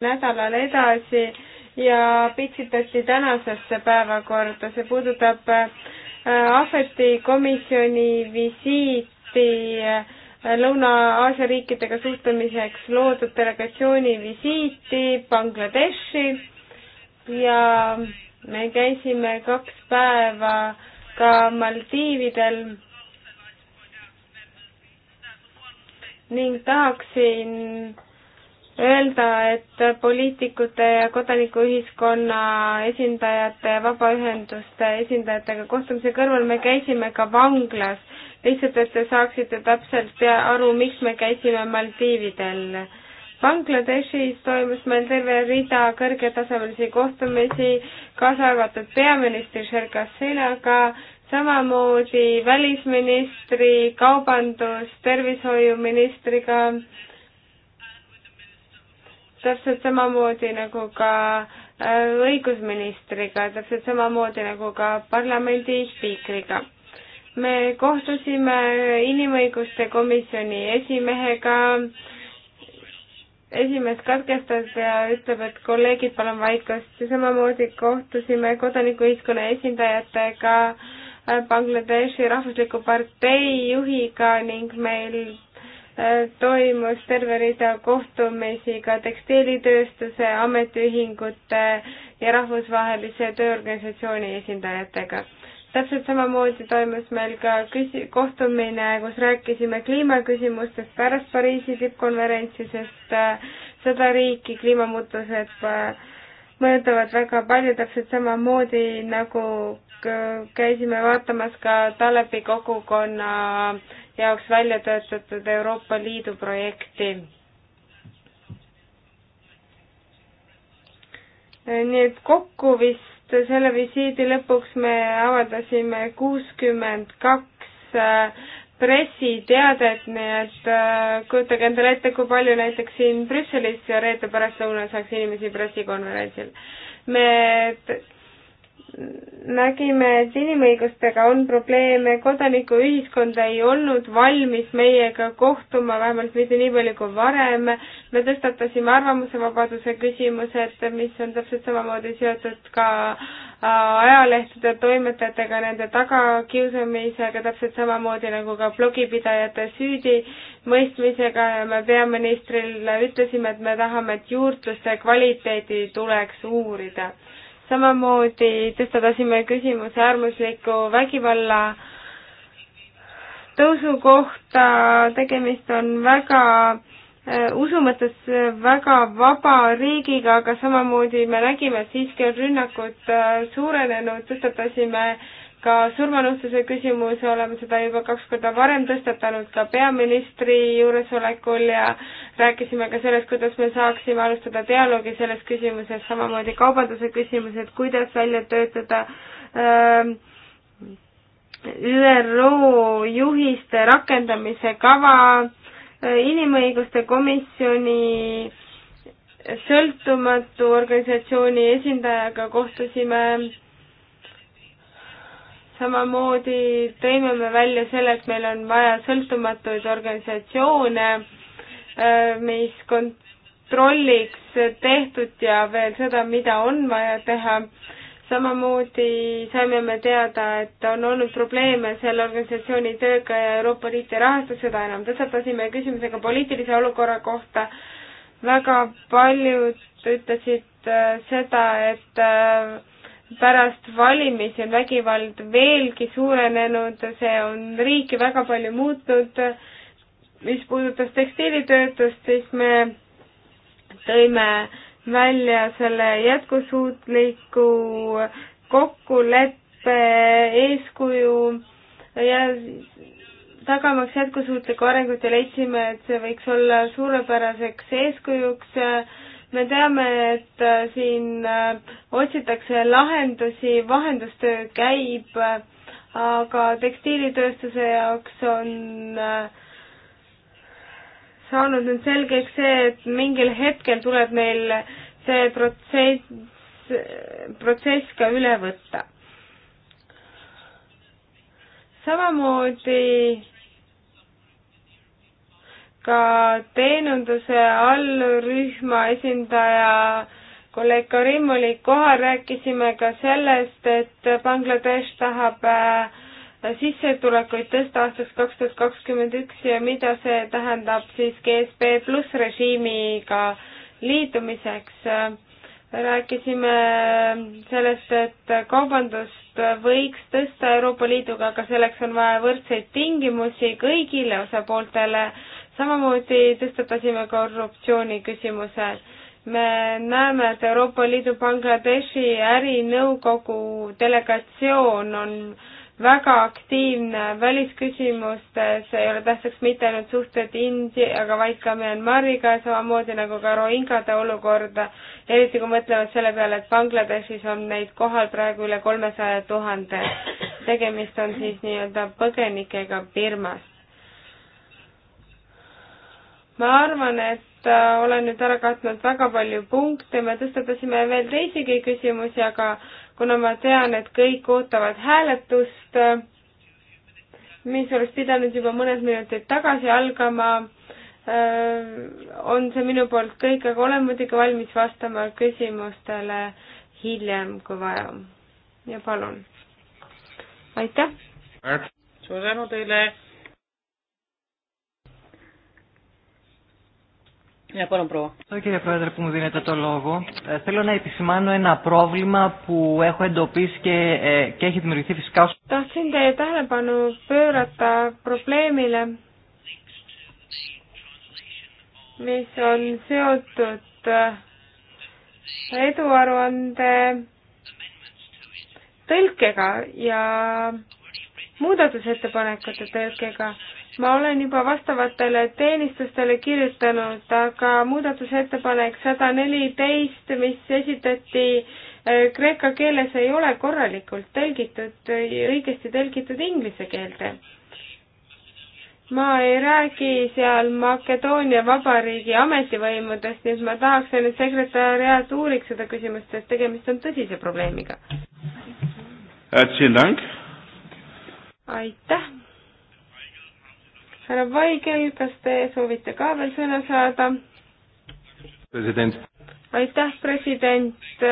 nädalal edasi ja pitsitati tänasesse päevakorda, see puudutab äh, Ahveti komisjoni visiiti äh, Lõuna-Aasia riikidega suhtlemiseks loodud delegatsiooni visiiti Bangladeshi ja me käisime kaks päeva ka Maldiividel ning tahaksin öelda, et poliitikute ja kodanikuühiskonna esindajate ja vabaühenduste esindajatega kohtumise kõrval me käisime ka vanglas, lihtsalt et te saaksite täpselt aru, miks me käisime Maldiividel. Bangladeshis toimus meil terve rida kõrgetasemelisi kohtumisi, kaasa arvatud peaministri Sherka Sinaga, samamoodi välisministri, kaubandus, tervishoiuministriga täpselt samamoodi nagu ka äh, õigusministriga, täpselt samamoodi nagu ka parlamendi spiikriga. me kohtusime inimõiguste komisjoni esimehega, esimees katkestas ja ütleb, et kolleegid, palun vaikust ja samamoodi kohtusime kodanikuühiskonna esindajatega, äh, Bangladeshi rahvusliku partei juhiga ning meil Äh, toimus terve rida kohtumisi ka tekstiilitööstuse, ametiühingute ja Rahvusvahelise Tööorganisatsiooni esindajatega. täpselt samamoodi toimus meil ka küsi-, kohtumine, kus rääkisime kliimaküsimustest pärast Pariisi tippkonverentsi, sest äh, seda riiki kliimamuutused äh, mõjutavad väga palju, täpselt samamoodi nagu käisime vaatamas ka Talebi kogukonna jaoks välja töötatud Euroopa Liidu projekti. nii et kokku vist selle visiidi lõpuks me avaldasime kuuskümmend kaks äh, pressiteadet, nii et äh, kujutage endale ette, kui palju näiteks siin Brüsselis reede pärastlõunal saaks inimesi pressikonverentsil. me nägime, et inimõigustega on probleeme, kodanikuühiskond ei olnud valmis meiega kohtuma, vähemalt mitte nii palju kui varem. me tõstatasime arvamusevabaduse küsimused, mis on täpselt samamoodi seotud ka äh, ajalehtede toimetajatega, nende tagakiusamisega, täpselt samamoodi nagu ka blogipidajate süüdimõistmisega ja me peaministrile ütlesime, et me tahame, et juurdluse kvaliteedi tuleks uurida samamoodi tõstatasime küsimuse äärmusliku vägivalla tõusu kohta, tegemist on väga äh, usu mõttes väga vaba riigiga, aga samamoodi me nägime, et siiski on rünnakud äh, suurenenud, tõstatasime ka surmanuhtluse küsimuse oleme seda juba kaks korda varem tõstatanud ka peaministri juuresolekul ja rääkisime ka sellest, kuidas me saaksime alustada dialoogi selles küsimuses, samamoodi kaubanduse küsimus, et kuidas välja töötada äh, ÜRO juhiste rakendamise kava, äh, inimõiguste komisjoni sõltumatu organisatsiooni esindajaga kohtusime samamoodi tõime me välja selle, et meil on vaja sõltumatuid organisatsioone, äh, mis kontrolliks tehtud ja veel seda, mida on vaja teha. samamoodi saime me teada, et on olnud probleeme selle organisatsiooni tööga ja Euroopa Liit ei rahasta seda enam. tõstatasime küsimuse ka poliitilise olukorra kohta. väga paljud ütlesid äh, seda, et äh, pärast valimisi on vägivald veelgi suurenenud, see on riiki väga palju muutnud. mis puudutas tekstiilitöötlust, siis me tõime välja selle jätkusuutliku kokkuleppe eeskuju ja tagamaks jätkusuutlikku arengut ja leidsime, et see võiks olla suurepäraseks eeskujuks äh, me teame, et äh, siin äh, otsitakse lahendusi, vahendustöö käib, äh, aga tekstiilitööstuse jaoks on saanud nüüd selgeks see, et mingil hetkel tuleb neil see protsess, protsess ka üle võtta. samamoodi ka teenunduse allrühma esindaja kolleeg Karim oli kohal, rääkisime ka sellest, et Bangladesh tahab äh, sissetulekuid tõsta aastaks kaks tuhat kakskümmend üks ja mida see tähendab siis GSP pluss režiimiga liitumiseks. rääkisime sellest, et kaubandust võiks tõsta Euroopa Liiduga, aga selleks on vaja võrdseid tingimusi kõigile osapooltele samamoodi tõstatasime korruptsiooni küsimuse. me näeme, et Euroopa Liidu Bangladeshi ärinõukogu delegatsioon on väga aktiivne välisküsimustes, ei ole tähtsaks mitte ainult suhted Indiaga, vaid ka Myanmariga, samamoodi nagu ka rohingade olukord, eriti kui mõtlevad selle peale, et Bangladeshis on neid kohal praegu üle kolmesaja tuhande. tegemist on siis nii-öelda põgenikega Birmast ma arvan, et äh, olen nüüd ära katnud väga palju punkte, me tõstatasime veel teisigi küsimusi, aga kuna ma tean, et kõik ootavad hääletust, äh, mis oleks pidanud juba mõned minutid tagasi algama, äh, on see minu poolt kõik, aga olen muidugi valmis vastama küsimustele hiljem, kui vaja. ja palun. aitäh! suur tänu teile! Ναι, παρόν πρόβα. Κύριε Πρόεδρε που μου δίνετε το λόγο, ε, θέλω να επισημάνω ένα πρόβλημα που έχω εντοπίσει και, ε, και έχει δημιουργηθεί φυσικά ως... Tahtsin teie tähelepanu pöörata probleemile, mis on seotud eduaruande tõlkega ja muudatusettepanekute tõlkega ma olen juba vastavatele teenistustele kirjutanud, aga muudatusettepanek sada neliteist, mis esitati äh, kreeka keeles, ei ole korralikult tõlgitud, õigesti tõlgitud inglise keelde. ma ei räägi seal Makedoonia Vabariigi ametivõimudest, nii et ma tahaksin, et sekretäriaat uuriks seda küsimust, sest tegemist on tõsise probleemiga. aitäh! härra Vaigel, kas te soovite ka veel sõna saada? president. aitäh, president.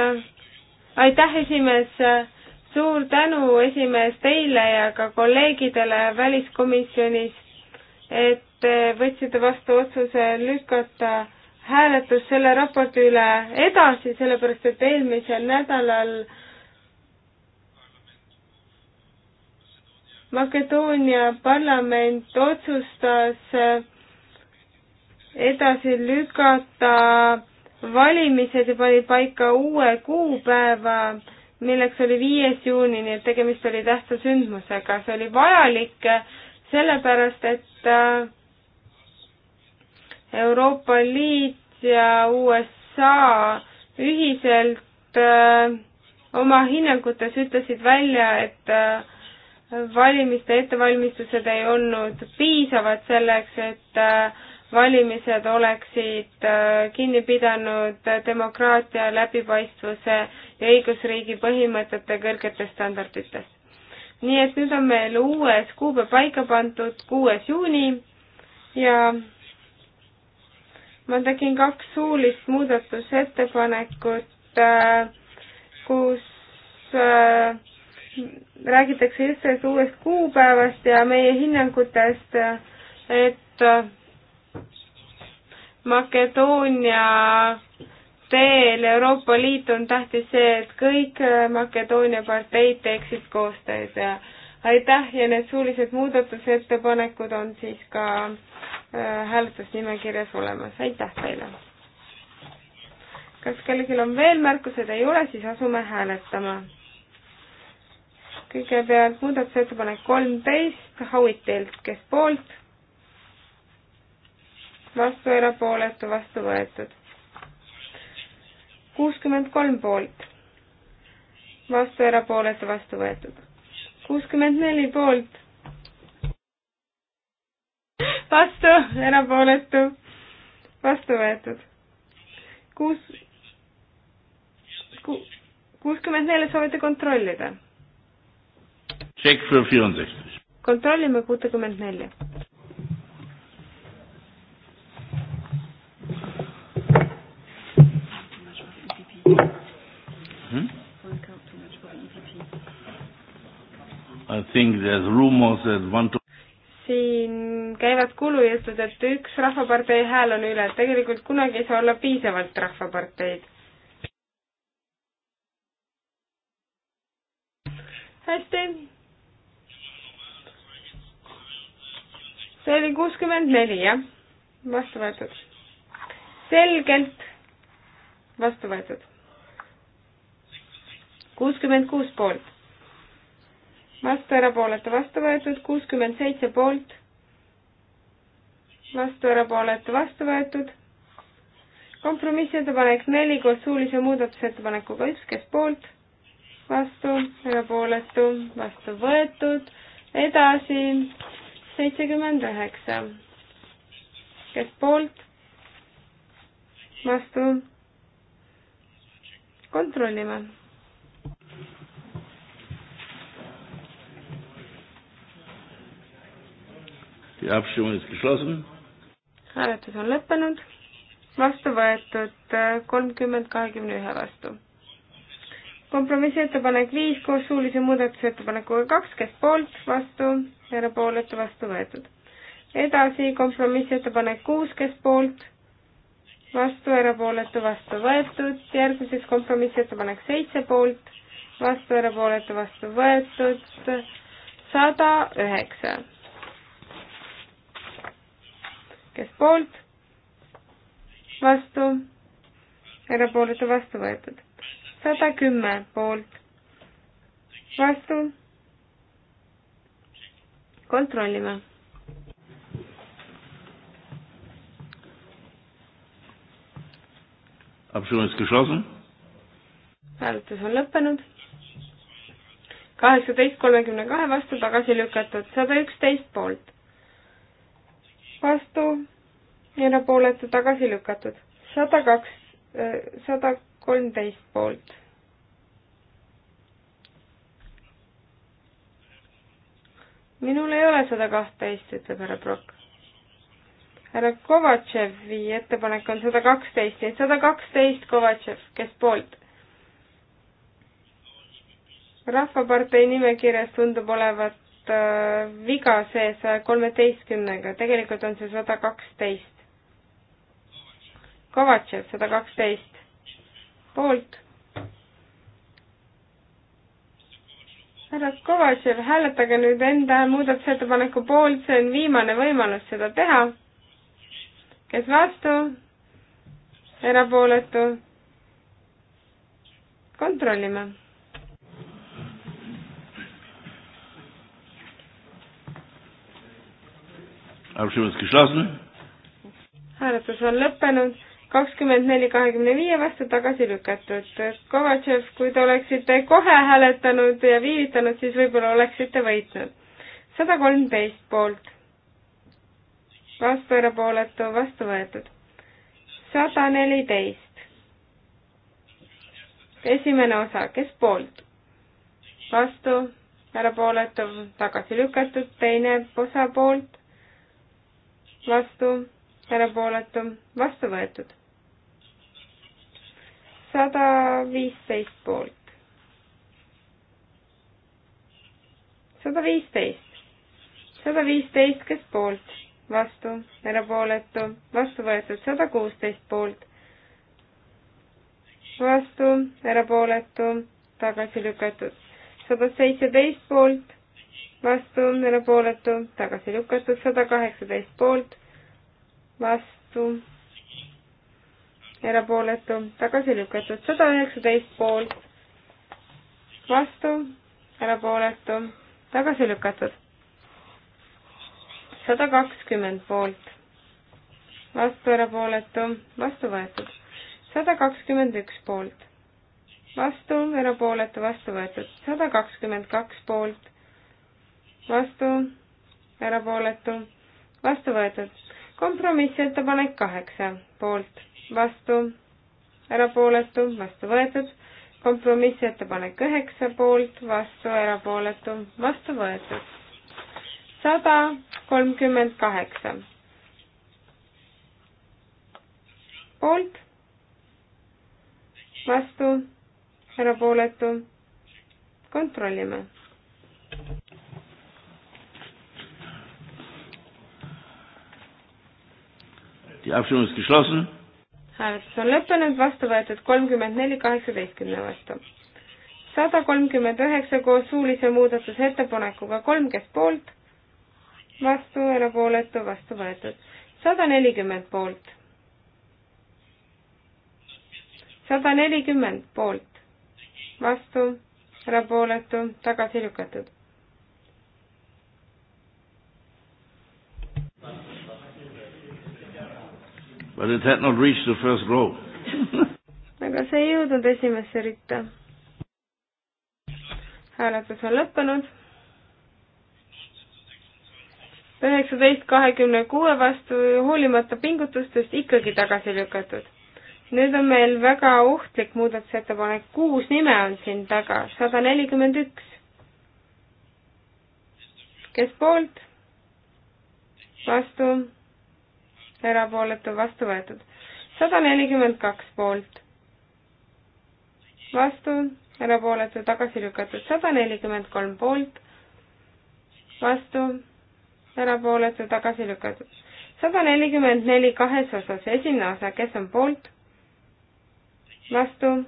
aitäh, esimees. suur tänu, esimees, teile ja ka kolleegidele väliskomisjonis, et võtsite vastu otsuse lükata hääletus selle raporti üle edasi, sellepärast et eelmisel nädalal äh, Makedoonia parlament otsustas äh, edasi lükata valimised ja pani paika uue kuupäeva, milleks oli viies juuni, nii et tegemist oli tähtsa sündmusega. see oli vajalik äh, sellepärast, et äh, Euroopa Liit ja USA ühiselt oma hinnangutes ütlesid välja, et valimiste ettevalmistused ei olnud piisavad selleks, et äh, valimised oleksid äh, kinni pidanud demokraatia, läbipaistvuse ja õigusriigi põhimõtete kõrgetest standarditest. nii et nüüd on meil uues kuupäev paika pandud, kuues juuni ja ma tegin kaks suulist muudatusettepanekut, äh, kus räägitakse just sellest uuest kuupäevast ja meie hinnangutest, et Makedoonia teel Euroopa Liit on tähtis see, et kõik Makedoonia parteid teeksid koostööd ja aitäh ja need suulised muudatusettepanekud on siis ka äh, hääletusnimekirjas olemas, aitäh teile! kas kellelgi on veel märkuseid, ei ole, siis asume hääletama kõigepealt muudatusettepanek kolmteist Howitilt, kes poolt, vastu, erapooletu, vastu võetud. kuuskümmend kolm poolt, vastu, erapooletu, vastu võetud. kuuskümmend neli poolt, vastu, erapooletu, vastu võetud. kuus, kuuskümmend neli soovite kontrollida kontrollime kuutekümmet nelja. Hmm? I think there's rumors that one to siin käivad kuulujutud, et üks rahvapartei hääl on üle, et tegelikult kunagi ei saa olla piisavalt rahvaparteid. hästi, see oli kuuskümmend neli, jah? vastu võetud. selgelt vastu võetud. kuuskümmend kuus poolt. vastu erapooletu vastu võetud, kuuskümmend seitse poolt. vastu erapooletu vastu võetud. kompromissettepanek neli koos suulise muudatusettepanekuga üks, kes poolt, vastu, erapooletu, vastu võetud edasi seitsekümmend üheksa. kes poolt? vastu? kontrollime. hääletus on lõppenud, vastu võetud äh, kolmkümmend kahekümne ühe vastu kompromissettepanek viis koos suulise muudatusettepanekuga kaks, kes poolt, vastu, erapooletu, vastu võetud. edasi kompromissettepanek kuus, kes poolt, vastu, erapooletu, vastu võetud, järgmiseks kompromissettepanek seitse poolt, vastu, erapooletu, vastu võetud, sada üheksa. kes poolt, vastu, erapooletu, vastu võetud sada kümme poolt, vastu. kontrollime. hääletus on lõppenud. kaheksateist kolmekümne kahe vastu tagasi lükatud, sada üksteist poolt. vastu, erapooletu tagasi lükatud, sada kaks, eh, sada kolmteist poolt. minul ei ole sada kahtteist, ütleb härra Prokk. härra Kovatševi ettepanek on sada kaksteist, nii et sada kaksteist Kovatšev, kes poolt? rahvapartei nimekirjas tundub olevat äh, viga see saja kolmeteistkümnega, tegelikult on see sada kaksteist. Kovatšev sada kaksteist poolt. härra Kovatšev, hääletage nüüd enda muudatusettepaneku poolt, see on viimane võimalus seda teha. kes vastu? erapooletu? kontrollime Abstimmung ist geschlossen. Hääletus on lõppenud kakskümmend neli kahekümne viie vastu tagasi lükatud. Kovatšev, kui te oleksite kohe hääletanud ja viivitanud, siis võib-olla oleksite võitnud. sada kolmteist poolt, vastu erapooletu, vastu võetud. sada neliteist. esimene osa, kes poolt? vastu, erapooletu, tagasi lükatud, teine osa poolt, vastu erapooletu, vastu võetud. sada viisteist poolt. sada viisteist, sada viisteist, kes poolt, vastu, erapooletu, vastu võetud, sada kuusteist poolt, vastu, erapooletu, tagasi lükatud, sada seitseteist poolt, vastu, erapooletu, tagasi lükatud, sada kaheksateist poolt vastu, erapooletu, tagasi lükatud, sada üheksateist poolt, vastu, erapooletu, tagasi lükatud, sada kakskümmend poolt, vastu, erapooletu, vastu võetud, sada kakskümmend üks poolt, vastu, erapooletu, vastu võetud, sada kakskümmend kaks poolt, vastu, erapooletu, vastu võetud, kompromissettepanek kaheksa, poolt, vastu, erapooletu, vastu võetud. kompromissettepanek üheksa, poolt, vastu, erapooletu, vastu võetud. sada kolmkümmend kaheksa. poolt, vastu, erapooletu, kontrollime hääletus on lõppenud, vastu võetud kolmkümmend neli kaheksateistkümne vastu. sada kolmkümmend üheksa koos suulise muudatusettepanekuga kolm, kes poolt, vastu, erapooletu, vastu võetud. sada nelikümmend poolt. sada nelikümmend poolt, vastu, erapooletu, tagasi lükatud But it had not reached the first row aga see ei jõudnud esimesse ritta. hääletus on lõppenud. üheksateist kahekümne kuue vastu hoolimata pingutustest ikkagi tagasi lükatud. nüüd on meil väga ohtlik muudatusettepanek, kuus nime on siin taga, sada nelikümmend üks. kes poolt? vastu erapooletu, vastu võetud. sada nelikümmend kaks poolt, vastu, erapooletu, tagasi lükatud. sada nelikümmend kolm poolt, vastu, erapooletu, tagasi lükatud. sada nelikümmend neli kahes osas, esimene osa, kes on poolt, vastu,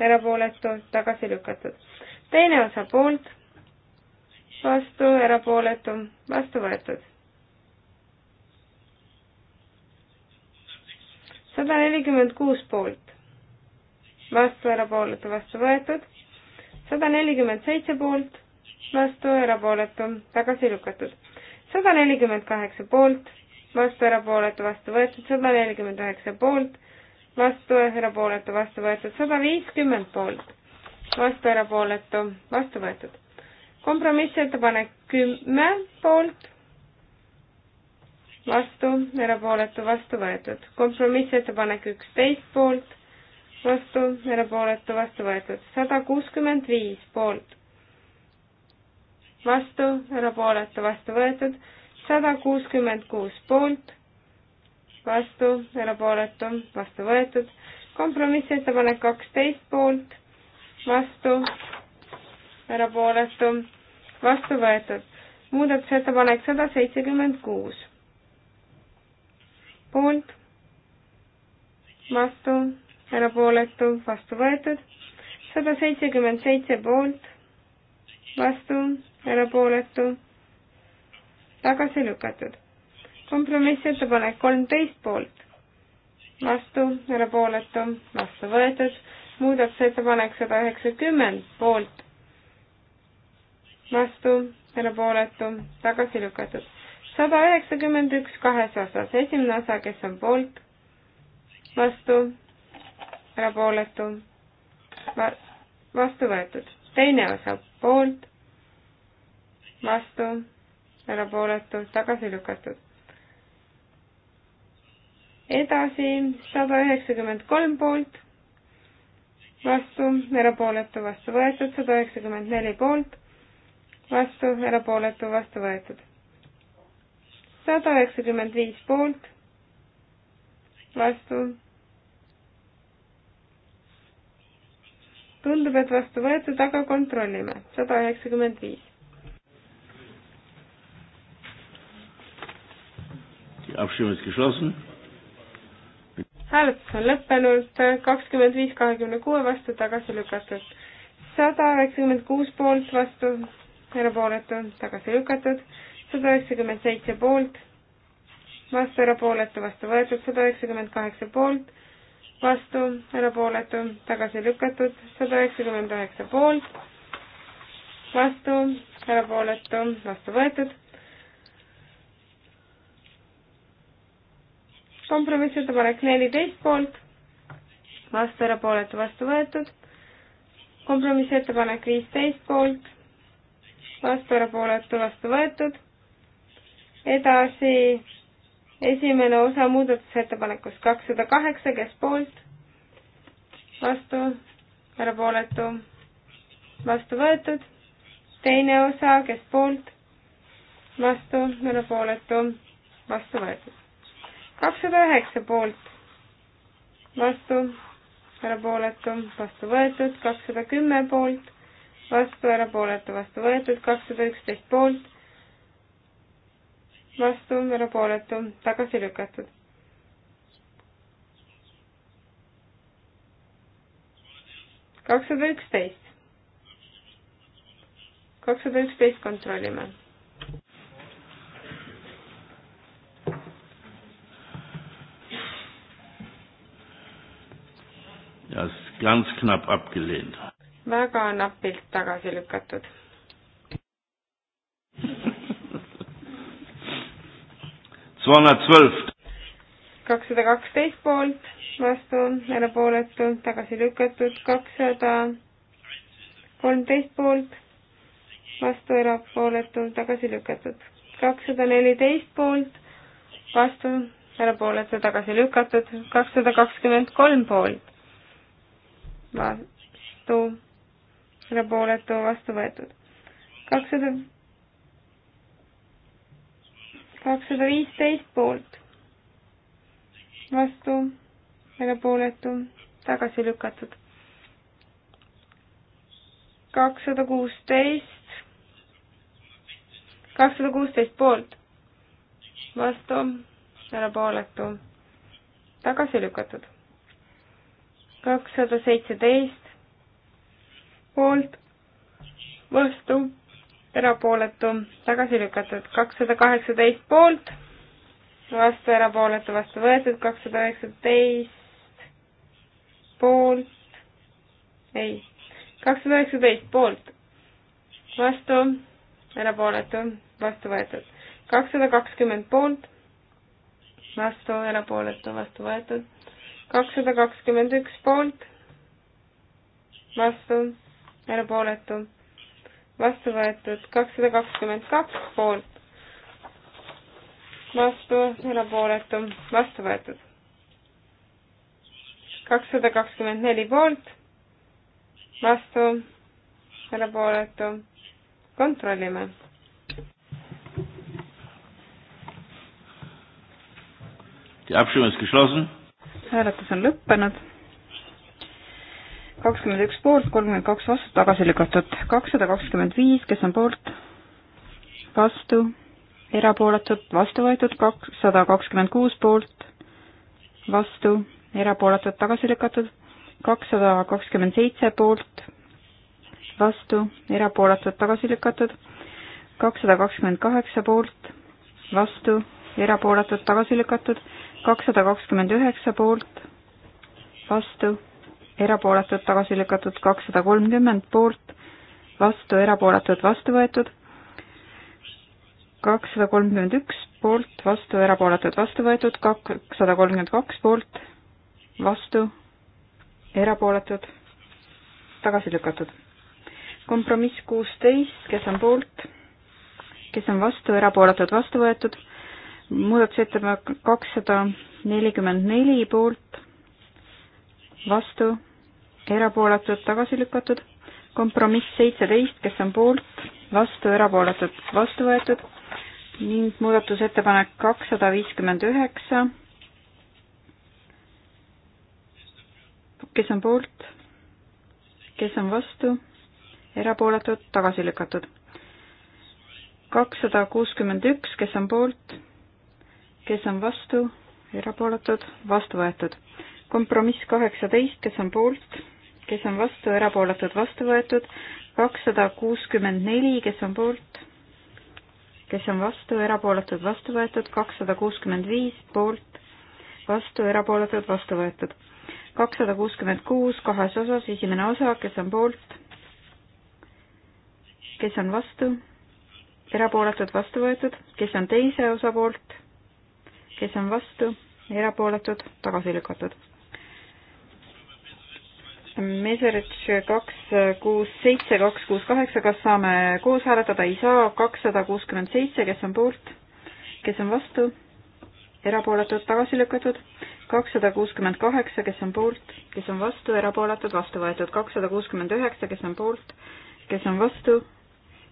erapooletu, tagasi lükatud. teine osa poolt, vastu, erapooletu, vastu võetud sada nelikümmend kuus poolt, vastu, erapooletu, vastu võetud, sada nelikümmend seitse poolt, vastu, erapooletu, tagasi lükatud, sada nelikümmend kaheksa poolt, vastu, erapooletu, vastu võetud, sada nelikümmend üheksa poolt, vastu, erapooletu, vastu võetud, sada viiskümmend poolt, vastu, erapooletu, vastu võetud. kompromissettepanek kümme poolt vastu, erapooletu, vastu võetud. kompromissettepanek üksteist poolt, vastu, erapooletu, vastu võetud. sada kuuskümmend viis poolt, vastu, erapooletu, vastu võetud. sada kuuskümmend kuus poolt, vastu, erapooletu, vastu võetud. kompromissettepanek kaksteist poolt, vastu, erapooletu, vastu võetud. muudatusettepanek sada seitsekümmend kuus poolt, vastu, erapooletu, vastu võetud, sada seitsekümmend seitse poolt, vastu, erapooletu, tagasi lükatud. kompromissettepanek kolmteist poolt, vastu, erapooletu, vastu võetud, muudatusettepanek sada üheksakümmend poolt, vastu, erapooletu, tagasi lükatud sada üheksakümmend üks kahes osas, esimene osa, kes on poolt, vastu, erapooletu, vastu võetud. teine osa, poolt, vastu, erapooletu, tagasi lükatud edasi sada üheksakümmend kolm poolt, vastu, erapooletu, vastu võetud, sada üheksakümmend neli poolt, vastu, erapooletu, vastu võetud sada üheksakümmend viis poolt, vastu. tundub, et vastu võetud, aga kontrollime, sada üheksakümmend viis. hääletus on lõppenud, kakskümmend viis kahekümne kuue vastu tagasi lükatud, sada üheksakümmend kuus poolt vastu, erapooletu tagasi lükatud, sada üheksakümmend seitse poolt, vastu erapooletu, vastu võetud, sada üheksakümmend kaheksa poolt, vastu erapooletu, tagasi lükatud, sada üheksakümmend üheksa poolt, vastu erapooletu, vastu võetud. kompromissettepanek neliteist poolt, vastu erapooletu, vastu võetud. kompromissettepanek viisteist poolt, vastu erapooletu, vastu võetud edasi esimene osa muudatusettepanekust kakssada kaheksa, kes poolt, vastu, erapooletu, vastu võetud. teine osa, kes poolt, vastu, erapooletu, vastu võetud. kakssada üheksa poolt, vastu, erapooletu, vastu võetud, kakssada kümme poolt, vastu, erapooletu, vastu võetud, kakssada üksteist poolt vastu, erapooletu, tagasi lükatud. kakssada üksteist. kakssada üksteist kontrollime. Das ganz knapp abgelehnt. Väga napilt tagasi lükatud kakssada kaksteist poolt, vastu, erapooletu, tagasi lükatud, kakssada kolmteist poolt, vastu, erapooletu, tagasi lükatud, kakssada neliteist poolt, vastu, erapooletu, tagasi lükatud, kakssada kakskümmend kolm poolt, vastu, erapooletu, vastu võetud, kakssada 200 kakssada viisteist poolt, vastu, erapooletu, tagasi lükatud. kakssada kuusteist, kakssada kuusteist poolt, vastu, erapooletu, tagasi lükatud. kakssada seitseteist poolt, vastu erapooletu, tagasi lükatud, kakssada kaheksateist poolt, vastu erapooletu, vastu võetud, kakssada üheksateist poolt, ei, kakssada üheksateist poolt, vastu erapooletu, vastu võetud, kakssada kakskümmend poolt, vastu erapooletu, vastu võetud, kakssada kakskümmend üks poolt, vastu erapooletu vastu võetud kakssada kakskümmend kaks poolt, vastu erapooletu, vastu võetud. kakssada kakskümmend neli poolt, vastu erapooletu, kontrollime Die Abstimmung ist geschlossen. Hääletus on lõppenud kakskümmend üks poolt, kolmkümmend kaks vastu, tagasi lükatud. kakssada kakskümmend viis, kes on poolt, vastu, erapooletud, vastu võetud, kakssada kakskümmend kuus poolt, vastu, erapooletud, tagasi lükatud, kakssada kakskümmend seitse poolt, vastu, erapooletud, tagasi lükatud, kakssada kakskümmend kaheksa poolt, vastu, erapooletud, tagasi lükatud, kakssada kakskümmend üheksa poolt, vastu erapooletud, tagasi lükatud kakssada kolmkümmend poolt, vastu erapooletud, vastu võetud, kakssada kolmkümmend üks poolt, vastu erapooletud, vastu võetud, kakssada kolmkümmend kaks poolt, vastu erapooletud, tagasi lükatud. kompromiss kuusteist, kes on poolt, kes on vastu, erapooletud, vastu võetud, muudatusettepanek kakssada nelikümmend neli poolt, vastu, erapooletud, tagasi lükatud. kompromiss seitseteist, kes on poolt, vastu, erapooletud, vastu võetud ning muudatusettepanek kakssada viiskümmend üheksa. kes on poolt, kes on vastu, erapooletud, tagasi lükatud. kakssada kuuskümmend üks, kes on poolt, kes on vastu, erapooletud, vastu võetud. kompromiss kaheksateist, kes on poolt, kes on vastu, erapooletud, vastu võetud, kakssada kuuskümmend neli, kes on poolt, kes on vastu, erapooletud, vastu võetud, kakssada kuuskümmend viis poolt, vastu, erapooletud, vastu võetud. kakssada kuuskümmend kuus kahes osas, esimene osa, kes on poolt, kes on vastu, erapooletud, vastu võetud, kes on teise osa poolt, kes on vastu, erapooletud, tagasi lükatud Meserich kaks, kuus, seitse, kaks, kuus, kaheksa, kas saame koos hääletada, ei saa, kakssada kuuskümmend seitse, kes on poolt, kes on vastu, erapooletud, tagasi lükatud, kakssada kuuskümmend kaheksa, kes on poolt, kes on vastu, erapooletud, vastu võetud, kakssada kuuskümmend üheksa, kes on poolt, kes on vastu,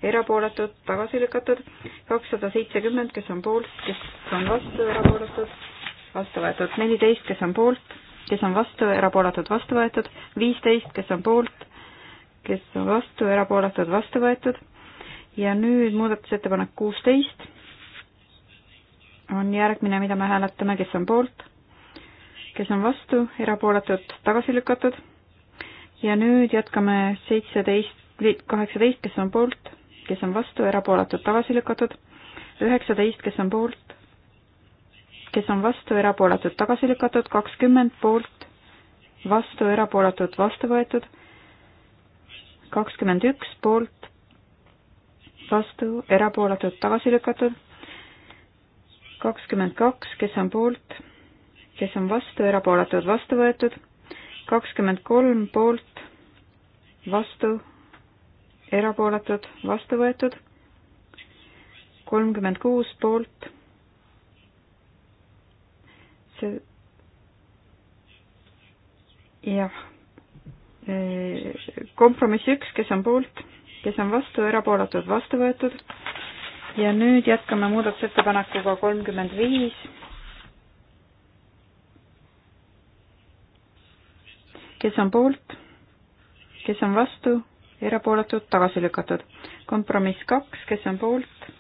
erapooletud, tagasi lükatud, kakssada seitsekümmend, kes on poolt, kes on vastu, erapooletud, vastu võetud, neliteist, kes on poolt kes on vastu, erapooletud, vastu võetud, viisteist, kes on poolt, kes on vastu, erapooletud, vastu võetud ja nüüd muudatusettepanek kuusteist on järgmine, mida me hääletame, kes on poolt, kes on vastu, erapooletud, tagasi lükatud ja nüüd jätkame seitseteist, kaheksateist, kes on poolt, kes on vastu, erapooletud, tagasi lükatud, üheksateist, kes on poolt, kes on vastu, erapooletud, tagasi lükatud, kakskümmend poolt, vastu, erapooletud, vastu võetud, kakskümmend üks poolt, vastu, erapooletud, tagasi lükatud, kakskümmend kaks, kes on poolt, kes on vastu, erapooletud, vastu võetud, kakskümmend kolm poolt, vastu, erapooletud, vastu võetud, kolmkümmend kuus poolt see jah, kompromiss üks, kes on poolt, kes on vastu, erapooletud, vastu võetud. ja nüüd jätkame muudatusettepanekuga kolmkümmend viis. kes on poolt, kes on vastu, erapooletud, tagasi lükatud. kompromiss kaks, kes on poolt,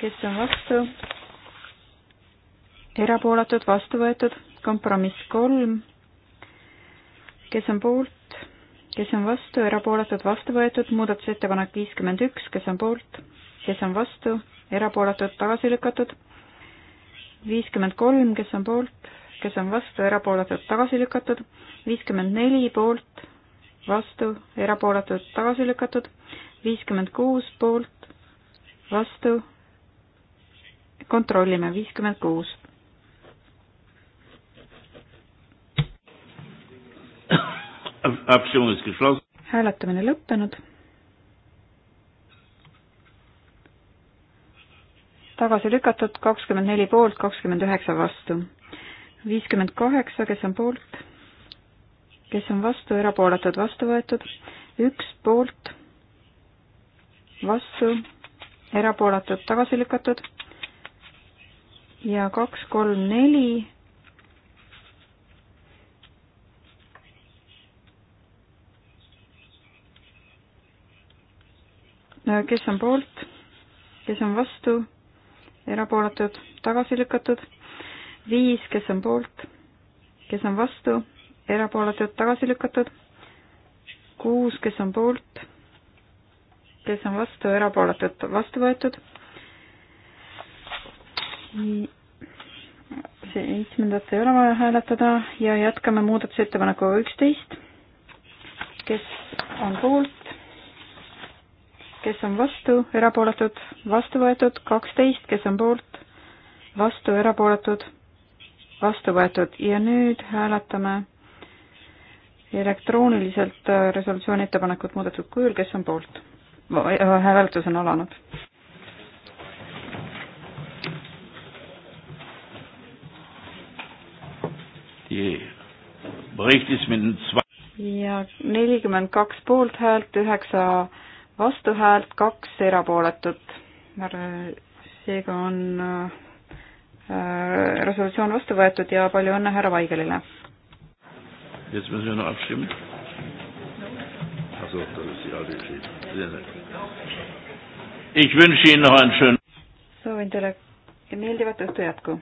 kes on vastu, erapooletud, vastu võetud, kompromiss kolm, kes on poolt, kes on vastu, erapooletud, vastu võetud, muudatusettepanek viiskümmend üks, kes on poolt, kes on vastu, erapooletud, tagasi lükatud, viiskümmend kolm, kes on poolt, kes on vastu, erapooletud, tagasi lükatud, viiskümmend neli poolt, vastu, erapooletud, tagasi lükatud, viiskümmend kuus poolt, vastu, kontrollime, viiskümmend kuus hääletamine lõppenud. tagasi lükatud kakskümmend neli poolt, kakskümmend üheksa vastu. viiskümmend kaheksa, kes on poolt, kes on vastu, erapooletud, vastu võetud, üks poolt, vastu, erapooletud, tagasi lükatud ja kaks, kolm, neli Äh, kes on poolt, kes on vastu, erapooletud, tagasi lükatud, viis, kes on poolt, kes on vastu, erapooletud, tagasi lükatud, kuus, kes on poolt, kes on vastu, erapooletud, vastu võetud, seitsmendat ei ole vaja hääletada ja jätkame muudatusettepanekuga üksteist, kes on poolt, kes on vastu, erapooletud, vastu võetud, kaksteist, kes on poolt, vastu, erapooletud, vastu võetud ja nüüd hääletame elektrooniliselt äh, resolutsiooni ettepanekut muudetud kujul, kes on poolt. Äh, hääletus on alanud. ja nelikümmend kaks poolthäält, üheksa 9 vastuhäält, kaks erapooletut. seega on äh, resolutsioon vastu võetud ja palju õnne härra Vaigelile. Jetzt müssen wir noch abstimmen. Achso, das ist die alte Geschichte. Ich wünsche Ihnen noch einen schönen. Soovin teile meeldivat õhtu jätku.